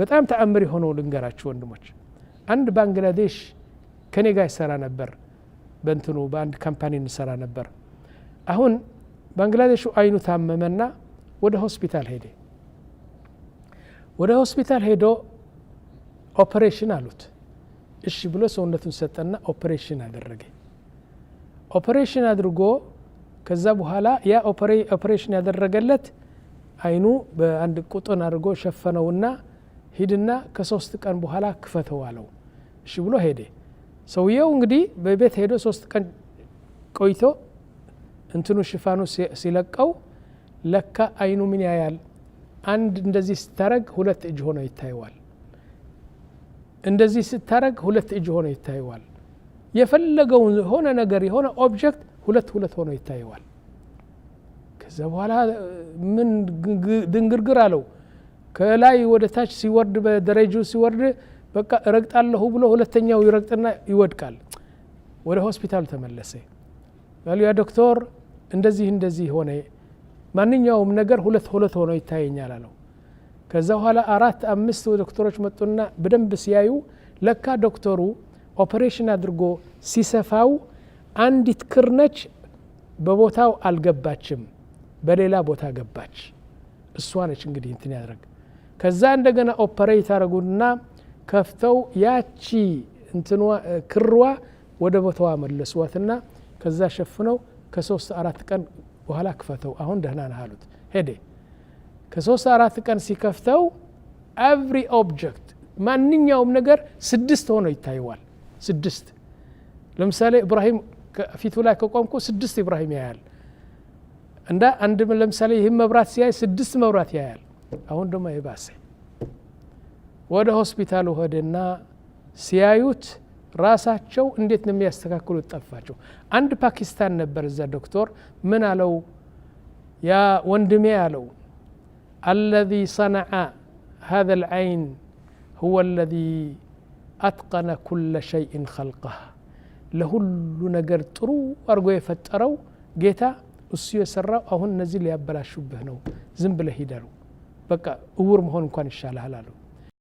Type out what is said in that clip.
በጣም ተአምር የሆነው ልንገራችሁ ወንድሞች። አንድ ባንግላዴሽ ከኔ ጋር ይሰራ ነበር፣ በንትኑ በአንድ ካምፓኒ እንሰራ ነበር። አሁን ባንግላዴሹ አይኑ ታመመና ወደ ሆስፒታል ሄደ። ወደ ሆስፒታል ሄዶ ኦፕሬሽን አሉት። እሺ ብሎ ሰውነቱን ሰጠና ኦፕሬሽን አደረገ። ኦፕሬሽን አድርጎ ከዛ በኋላ ያ ኦፕሬሽን ያደረገለት አይኑ በአንድ ቁጥን አድርጎ ሸፈነውና ሂድና ከሶስት ቀን በኋላ ክፈተው አለው። እሺ ብሎ ሄደ። ሰውየው እንግዲህ በቤት ሄዶ ሶስት ቀን ቆይቶ እንትኑ ሽፋኑ ሲለቀው ለካ አይኑ ምን ያያል? አንድ እንደዚህ ስታረግ ሁለት እጅ ሆኖ ይታይዋል እንደዚህ ስታረግ ሁለት እጅ ሆኖ ይታየዋል። የፈለገውን የሆነ ነገር የሆነ ኦብጀክት ሁለት ሁለት ሆኖ ይታየዋል። ከዛ በኋላ ምን ድንግርግር አለው። ከላይ ወደ ታች ሲወርድ በደረጃው ሲወርድ በቃ እረግጣለሁ ብሎ ሁለተኛው ይረግጥና ይወድቃል። ወደ ሆስፒታል ተመለሰ። ያ ዶክተር እንደዚህ እንደዚህ ሆነ፣ ማንኛውም ነገር ሁለት ሁለት ሆኖ ይታየኛል አለው። ከዛ በኋላ አራት አምስት ዶክተሮች መጡና በደንብ ሲያዩ ለካ ዶክተሩ ኦፕሬሽን አድርጎ ሲሰፋው አንዲት ክር ነች በቦታው አልገባችም፣ በሌላ ቦታ ገባች። እሷ ነች እንግዲህ እንትን ያደረግ ከዛ እንደገና ኦፐሬት አረጉና ከፍተው ያቺ ክርዋ ወደ ቦታዋ መለስዋትና ከዛ ሸፍነው ከሶስት አራት ቀን በኋላ ክፈተው አሁን ደህና ነህ አሉት። ሄደ ከሶስት አራት ቀን ሲከፍተው ኤቭሪ ኦብጀክት ማንኛውም ነገር ስድስት ሆኖ ይታየዋል። ስድስት ለምሳሌ እብራሂም ፊቱ ላይ ከቆምኩ ስድስት ኢብራሂም ያያል። እንዳ አንድ ለምሳሌ ይህም መብራት ሲያይ ስድስት መብራት ያያል። አሁን ደግሞ የባሰ ወደ ሆስፒታል ሆደና ሲያዩት ራሳቸው እንዴት ነው የሚያስተካክሉት ጠፋቸው። አንድ ፓኪስታን ነበር እዛ ዶክተር ምን አለው ያ ወንድሜ አለው አለዚ ሰነዐ ሀዘ ልዐይን ሁወ አለዚ አትቀነ ኩለ ሸይእን ኸልቀህ ለሁሉ ነገር ጥሩ አድርጎ የፈጠረው ጌታ እሱ የሰራው አሁን እነዚህ ሊያበላሹብህ ነው፣ ዝም ብለህ ሂድ በቃ እውር መሆን እንኳን ይሻልሃል አሉ